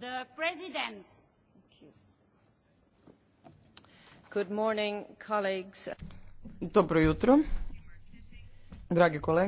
the president morning, Dobro jutro, dragi kolege.